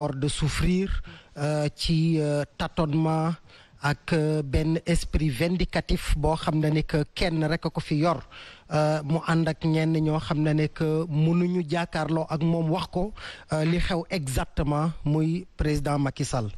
hors de souffrir euh, ci euh, tâtonnement ak euh, benn esprit vindicatif boo xam ne ne que kenn rek a ko fi yor mu ànd ak ñenn ñoo xam ne ne que mënuñu jàkkaarloo ak moom wax ko li xew exactement muy président Macky Sall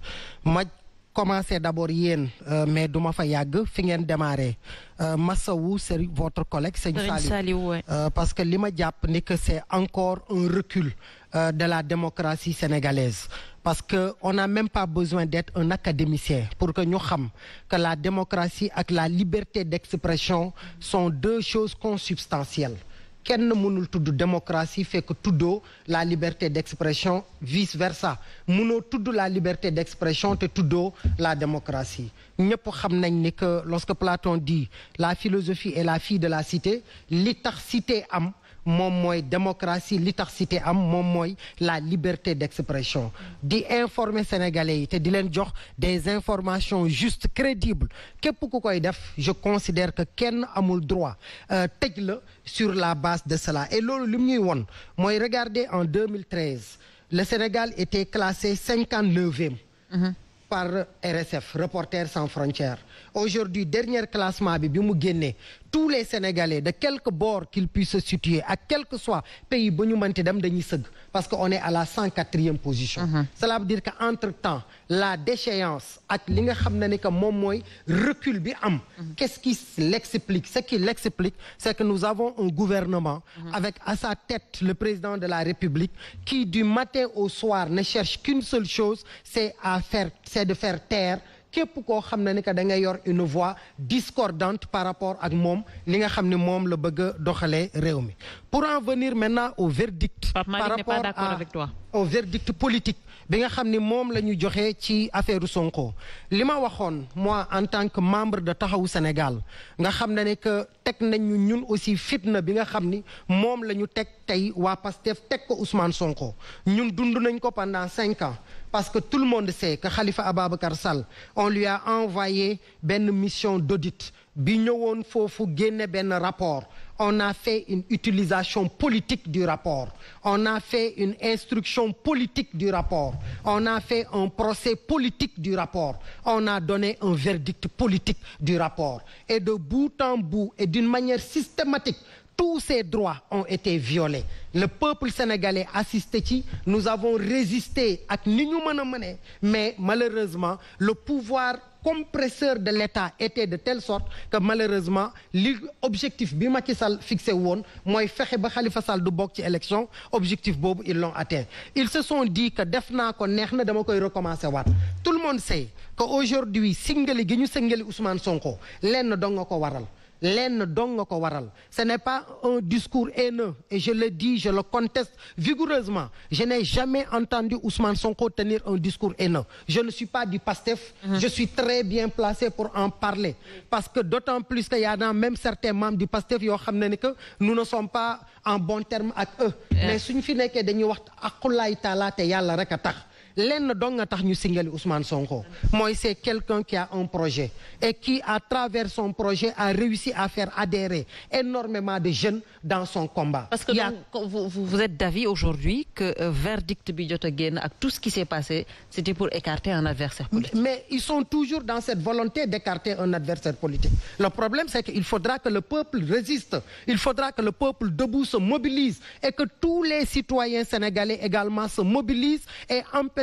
commencer d'abord yéen euh, mais duma fa yàgg fi ngeen démarrer euh, Massawu c'est votre collègue Serigne Saliou euh, parce que li ma jàpp ni que c'est encore un recul de la démocratie sénégalaise parce que on n'a même pas besoin d'être un académicien pour que ñu xam que la démocratie ak la liberté d'expression sont deux choses consubstantielles kenn mënul tudd démocratie fekk tuddoo la liberté d'expression vice versa mënoo tudd la liberté d'expression te tuddoo la démocratie ñëpp xam nañ ni que lorsque Platon dit la philosophie et la fille de la cité li tax cité am moom mooy démocratie li tax cité am moom mooy la liberté d'expression di informer sénégalais yi te di leen jox des informations justes crédibles képp ku koy def je considère que kenn amul droit euh, tëj la sur la base de cela et loolu li mu ñuy won mooy regarder en 2013 le Sénégal était classé cinquante-neuvième mhm. par RSF Reporters sans frontières aujourd'hui dernier classement bi bi mu génnee tous les Sénégalais de quelque bord qu'ils puissent se situer à quel que soit pays ba ñu mënti dem dañuy sëgg parce que on est à la cent quatrième position mm -hmm. cela veut dire que entre temps la déchéance ak li nga xam ne ni que moom mooy recul bi am mhm. qu'est-ce qui l'explique ce qui l'explique que nous avons un gouvernement mhm. avec à sa tête le président de la République qui du matin au soir ne cherche qu'une seule chose c'est à faire c'est de faire taire képp koo xam ne ni que da ngay yor une voix discordante par rapport ak moom li nga xam ne moom la bëgg a doxalee réew mi pour en venir maintenant au verdict. Pape Malick n'est pas d'accord avec toi. au verdict politique bi nga xam ni moom la ñu joxe ci affaire Sonko li ma waxoon moi en tant que membre de Taxawu Sénégal nga xam ne ne que teg nañ ñun aussi fitna bi nga xam ni moom la ñu teg tey waa PASTEF teg ko Ousmane Sonko ñun dund nañ ko pendant cinq ans parce que tout le monde sait que Khalifa Ababacar Sall on lui a envoyé benn mission d'audit bi ñëwoon foofu génne benn rapport. on a fait une utilisation politique du rapport. On a fait une instruction politique du rapport. On a fait un procès politique du rapport. On a donné un verdict politique du rapport. Et de bout en bout et d'une manière systématique, tous ces droits ont été violés le peuple sénégalais assisté ci nous avons résisté ak ni ñu mën a mëne mais malheureusement le pouvoir compresseur de l'État était de telle sorte que malheureusement li objectif bi Macky Sall fixé woon mooy fexe ba Khalifa Sall du bokk ci élection objectif boobu ils l'ont atteint ils se sont dit que def naa ko neex na dama koy recommencer waat tout le monde sait que aujourd'hui singali gi ñu singali Ousmane Sonko lenn dong nga ko waral lenn dong nga ko waral ce n'est pas un discours haineux et je le dis je le conteste vigoureusement je n'ai jamais entendu Ousmane Sonko tenir un discours haineux je ne suis pas du PASTEF mhm. je suis très bien placé pour en parler parce que d'autant plus que y a dans même certains membres du PASTEF yoo xam ne ni que nous ne sommes pas en bon terme ak eux mais suñu fi nekkee dañuy wax aqulaay taala te yàlla rek a tax lenn dong nga tax ñu singali Ousmane Sonko mooy c'est quelqu'un qui a un projet et qui à travers son projet a réussi à faire adhérer énormément de jeunes dans son combat. parce que donc vous vous êtes d'avis aujourd'hui que euh, verdict bi jot a génn ak tout ce qui s'est passé c'était pour écarter un adversaire politique. mais ils sont toujours dans cette volonté d'écarter un le problème c'est qu'il faudra que le peuple résiste que le peuple debout se mobilise et que tous les citoyens sénégalais également se mobilisent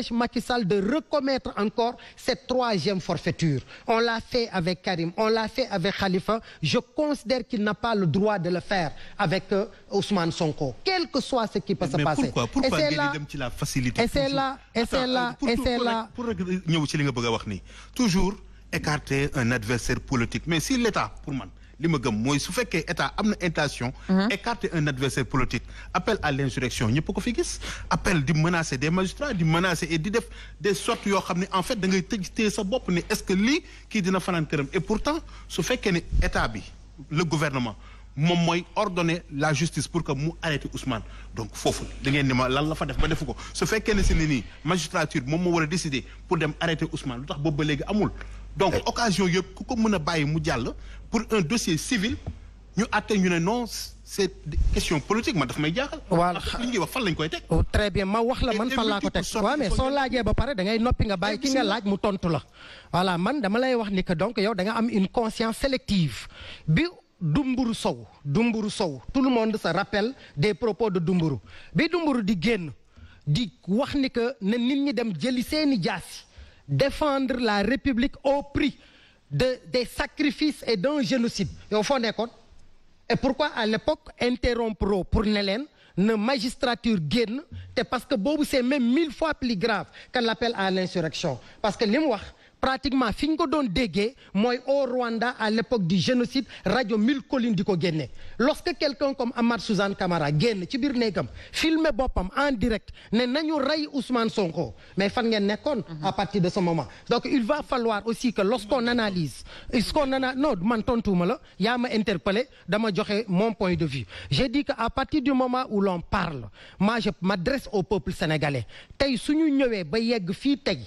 empêche Macky Sall de recommettre encore cette troisième forfaiture. On l'a fait avec Karim, on l'a fait avec Khalifa. Je considère qu'il n'a pas le droit de le faire avec euh, Ousmane Sonko, quel que soit ce qui peut se passer. Pourquoi pourquoi ngeen dem ci la facilité. et c'est là et pour rek ñëw ci li nga bëgg a wax ni toujours écarter un adversaire politique mais si l'État pour man. li ma gëm mooy su fekkee état am na intention. Mhm. écarter un adversaire politique appel à l' insurrection ñëpp ko fi gis appel di menacer des magistrats di menacer et di def des sortes yoo xam ne en fait dangay ngay tëj téye sa bopp ne est ce que lii kii dina fanaan këram et pourtant su fekkee ne état bi le gouvernement. moom mooy ordonner la justice pour que mu arrêté Ousmane donc foofu da ngeen ni ma lan la fa def ba defu ko su fekkee ne si ni nii magistrature moom moo war a pour dem arrêté Ousmane lu tax boobu ba léegi amul donc occasion yëpp ku ko mën a bàyyi mu jàll pour un dossier civil ñu àtte ñu ne non c'est question politique ma daf may jaaxal. waaw li ñuy lañ koy teg. Oh, très bien ma wax la man fan laa ko teg waaw mais soo laajee ba pare dangay noppi nga bàyyi ki nga laaj mu tontu la. voilà man dama lay wax ni que donc yow danga am une conscience sélective bi. Dumburu Sow Dumburu Sow tout le monde sa rappelle des propos de Dumburu bi Dumburu di génn di wax ni que ne nit ñi dem jëli seeni jaasi défendre la république au prix de des sacrifices et d'un génocide yow foo nekkoon et pourquoi à l'époque interrompre pour ne leen na magistrature génn te parce que boobu c'est même mille fois plus grave que l'appel à l'insurrection parce que li mu wax pratiquement fi ñu ko doon déggee mooy au Rwanda à l'époque du génocide rajo Mille Collines di ko génne lorsque quelqu'un comme Amath Suzanne Camara génn ci biir néegam filmer boppam en direct ne nañu rey Ousmane Sonko mais fan ngeen nekkoon à partir de ce moment donc il va falloir aussi que lorsqu'on analyse ce qu'on analyse non man tontuuma la yaa ma interpellé dama joxe mon point de vue j'ai dit que à partir du moment où l'on parle moi je m'adresse au peuple ba yegg fii tey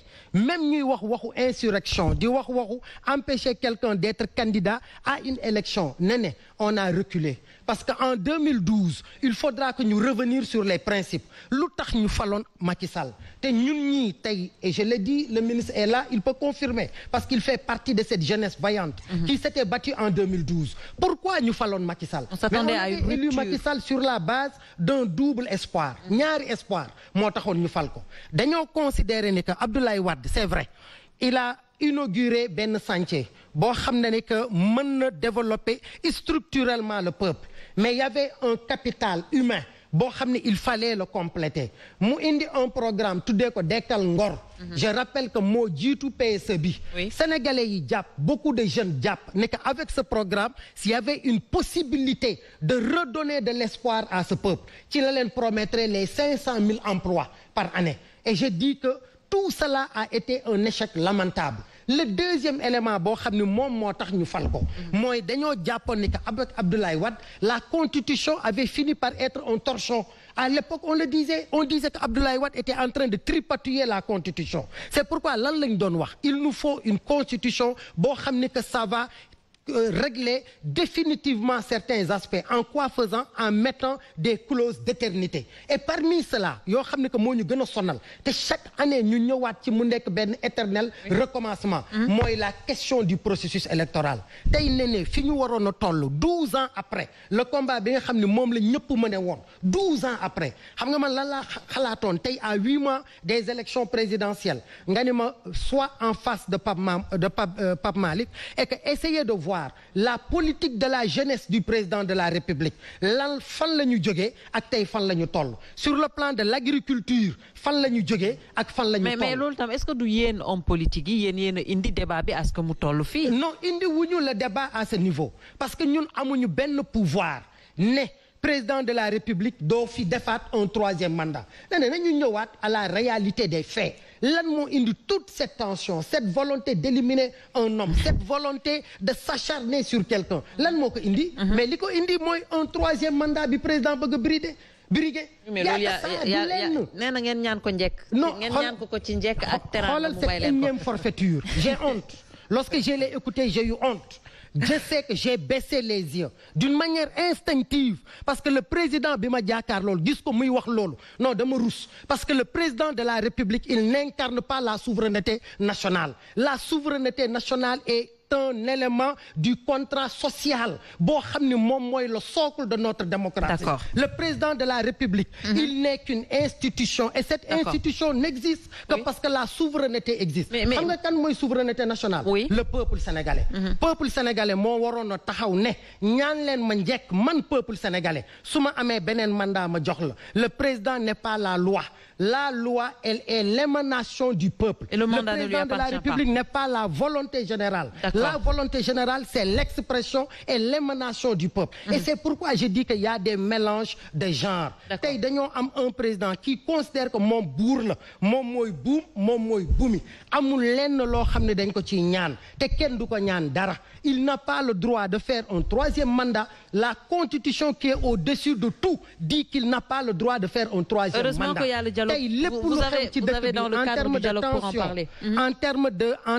insurrection di wax waxu empêcher quelqu'un d'être candidat à une élection ne ne on a reculé parce que en 2012 il faudra que ñu revenir sur les principes lu tax ñu faloon Macky Sall te ñun ñii tey et je l'ai dit le ministre est là il peut confirmer parce qu'il fait partie de cette jeunesse vaillante mm -hmm. qui s'était battue en 2012 pourquoi ñu faloon Macky Sall on s'attendait à élu Macky sur la base d'un double espoir ñaari espoir moo taxoon ñu fal ko dañoo considérer ne que Abdoulaye Wade il a inauguré benn chantier boo xam ne ni que man na développer structurellement le peuple mais il y avait un capital humain boo xam ne il fallait le compléter mu indi un programme tuddee ko dekkal ngor mhm. je rappelle que moo jiitu PSE bi sénégalais yi jàpp beaucoup de jeunes jàpp ne que avec ce programme s'il y avait une possibilité de redonner de l'espoir à ce peuple ci la leen promettre les cinq cent mille emplois par année et je dis que tout cela a été un échec lamentable le deuxième élément boo xam ne moom moo tax ñu fal ko mooy dañoo jàppoon ni que avec Abdoulaye Wade la constitution avait fini par être un torchon à l'époque on le disait on disait que Abdoulaye Wade était en train de tripatouiller la constitution c'est pourquoi lan lañ doon wax il nous faut une constitution boo xam ne que ça Euh, régler définitivement certains aspects en quoi faisant en mettant des clauses d'éternité et parmi cela yoo xam ne que moo ñu gën a sonal te chaque année ñu ñëwaat ci mu nekk benn éternel recommencement mooy la question du processus électoral tey ne ne fi ñu waroon a toll douze ans après le combat bi nga xam ne moom la ñëpp mëne woon douze ans après xam nga man lan laa xalaatoon tey à huit mois des élections présidentielles nga ni ma soit en face de Pape Mam euh, voir la politique de la jeunesse du président de la République lan fan la ñu jógee ak tey fan la ñu toll sur le plan de l' agriculture fan la ñu jógee ak fan la ñu mais loolu tam est ce que du yéen homme politique yi yéen yéen a indi débat bi à que mu toll fii. non indi wuñu le débat à ce niveau parce que ñun amuñu benn pouvoir ne. président de la république doo fi defaat un troisième mandat nee na ñu ñëwaat à la réalité des faits lan moo indi toute cette tension cette volonté d'éliminer un homme cette volonté de s'acharner sur quelqu'un lan moo ko indi mhm. mais li ko indi mooy un troisième mandat bi président bëgg a brider briguer yaa yaa nee na ngeen ñaan ko njekk non ngeen ñaan ko ko ci njekk ak teraanga mu may leen ko xoolal cette forfaiture j'ai honte lorsque je l'ai écouté j'ai eu honte je sais que j'ai baissé les yeux d'une manière instinctive parce que le président bi ma jaakaar loolu gis ko muy wax loolu non dama rus parce que le président de la République il n'incarne pas la souveraineté nationale la souveraineté nationale est un élément du contrat social boo xam ni moom mooy le socle de notre démocratie d'accord le président de la République mm il n'est qu'une institution et cette institution n'existe que parce que la souveraineté existe xam nga kan mooy souveraineté nationale oui. le peuple sénégalais mm -hmm. peuple sénégalais moo waroon a taxaw ne ñaan leen ma njekk man peuple sénégalais su ma amee beneen mandat ma jox la le président n'est pas la loi La loi, est l'émanation du peuple. le, mandat le président de, de la République n'est pas la volonté générale. La volonté générale, c'est l'expression et l'émanation du peuple. Mm -hmm. Et mhm. c'est pourquoi je dis qu'il y a des mélanges de genres. tey dañoo am un président qui considère que moom buur la moom mooy buum moom mooy buumi amul lenn loo xam ne dañ ko ci ñaan te kenn du ko ñaan dara il n'a pas le droit de faire un troisième mandat la constitution de tout dit qu'il n'a pas le droit de faire un tey lépp lu mm-hmm. de tension terme de en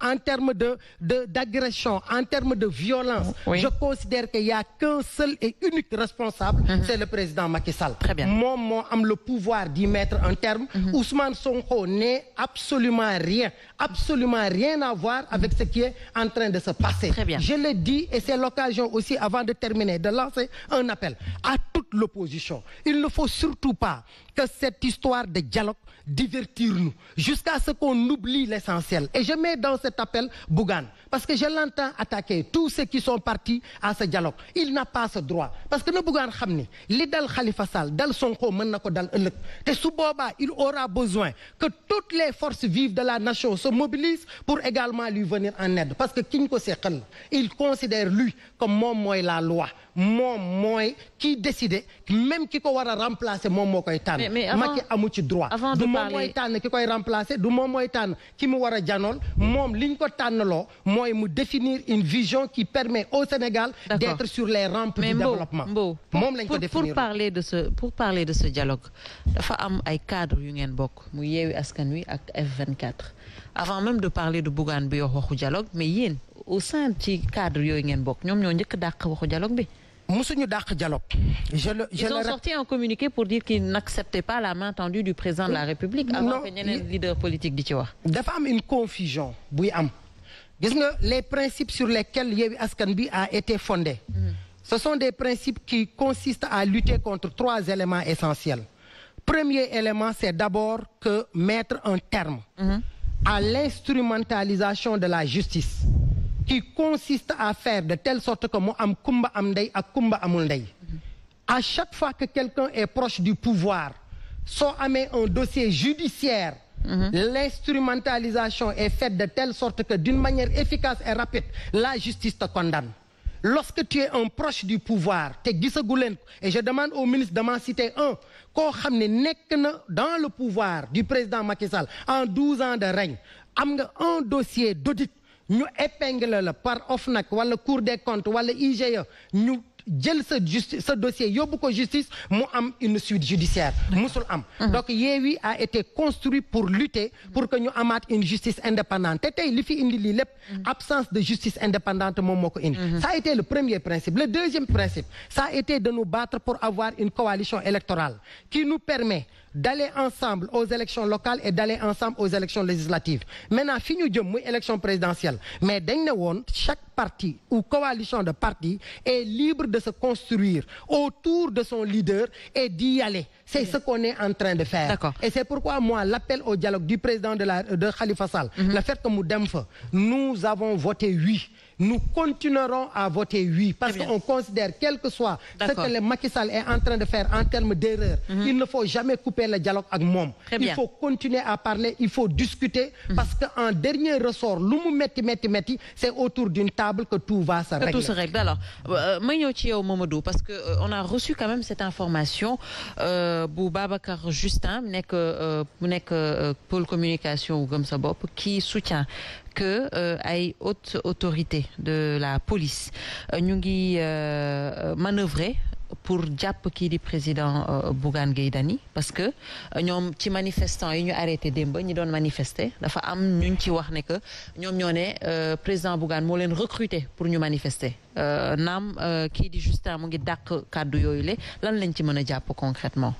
en terme de de d'agression en terme de violence je considère qu'il y a qu'un seul et unique responsable mm-hmm. c'est le président Macky Sall moom moo am le pouvoir d'y mettre un terme mm-hmm. Ousmane Sonko n'est absolument rien absolument rien à voir avec ce qui est en train de se passer je le dis et c'est l'occasion aussi avant de terminer de lancer un appel à toute l'opposition il ne faut surtout pas que cette histoire de dialogue divertir nous jusqu'à ce qu'on oublie l'essentiel. Et je mets dans cet appel Bougan, parce que je l'entends attaquer tous ceux qui sont partis à ce dialogue. Il n'a pas ce droit. Parce que le Bougan ni li dal Khalifa Sal, dal Sonko, Menako, dal te et Souboba, il aura besoin que toutes les forces vives de la nation se mobilisent pour également lui venir en aide. Parce que Kinko Sekhan, il considère lui comme mon moi la loi. moom mooy kii décider même ki ko war a remplacer moom moo koy tànn. Macky amu ci droit. du moom mooy tànn ki koy remplacer du moom mooy tànn ki mu war a janool moom li ñu ko tànnaloo mooy mu définir une vision qui permet au Sénégal. d'être sur les rampes du développement. moom lañ ko définir pour parler de ce pour parler de ce dialogue dafa am ay cadre yu ngeen bokk mu yeewi askan wi ak F24 avant même de parler de Bougane bi wax waxu dialogue mais yéen au sein ci cadre yooyu ngeen bokk ñoom ñoo njëkk dàq waxu dialogue bi. musuñu dàq dialogue. je le je ils ont sorti un communiqué pour dire qu'ils n'acceptaient pas la main tendue du président de la République. avant que ñeneen ci wax. dafa am une confusion buy am gis nga les principes sur lesquels Yewwi Askan Wi a été fondé. Mm. ce sont des principes qui consistent à lutter contre trois éléments essentiels. premier élément c'est d'abord que mettre un terme. Mm-hmm. à l'instrumentalisation de la justice. qui consiste à faire de telle sorte que mu am kumba am ndey ak kumba amul ndey à chaque fois que quelqu'un est proche du pouvoir soo amee un dossier judiciaire Mmh. L'instrumentalisation est faite de telle sorte que d'une manière efficace et rapide, la justice te condamne. Lorsque tu es un proche du pouvoir, te gisagu leen et je demande au ministre de m'en citer un koo xam ne nekk na dans le pouvoir du président Macky en douze ans de règne am nga un dossier d'audit ñu épingle la par OFNAC wala Cour des wala IGE ñu jël sa justice sa dossier yóbbu ko justice mu am une suite judiciaire musul am mhm. donc Yewwi a été construit pour lutter pour que ñu amaat une justice indépendante te tey li fi indi lii lépp mhm. absence de justice indépendante moom moo ko indi mhm. ça été le premier principe le deuxième principe ça a été de nous battre pour avoir une coalition électorale qui nous permet d'aller ensemble aux élections locales et d'aller ensemble aux élections législatives maintenant fi ñu jëm mu élection présidentielle mais dañ ne woon chaque parti ou coalition de partis est libre de se construire autour de son leader et d'y aller C'est ce qu'on est en train de faire. Et c'est pourquoi moi, l'appel au dialogue du président de, la, de Khalifa Sall, mm -hmm. le fait que Moudemfe, nous avons voté oui. Nous continuerons à voter oui parce qu'on considère, quel que soit ce que le Macky Sall est en train de faire en termes d'erreur, mm -hmm. il ne faut jamais couper le dialogue avec Mom. Il faut continuer à parler, il faut discuter mm -hmm. parce qu'en dernier ressort, l'umu metti metti metti, c'est autour d'une table que tout va se régler. Que tout se règle. Alors, euh, parce qu'on euh, a bu Babacar Justin nekk euh, mu nekk euh, pôle communication wu gëm sa bopp qui soutient que euh, ay haute autorité de la police ñu ngi manœuvrer pour jàpp kii di président euh, Bougane Gueye Dany parce que euh, ñoom ci manifestant yi ñu arrêté démb ñi doon manifester dafa am ñu ñu ci wax ne que ñoom ñoo ne euh, président Bougane moo leen recruter pour ñu manifester naam kii di Justin mu ngi dàq kàddu yooyu le lan lañ ci mën a jàpp concrètement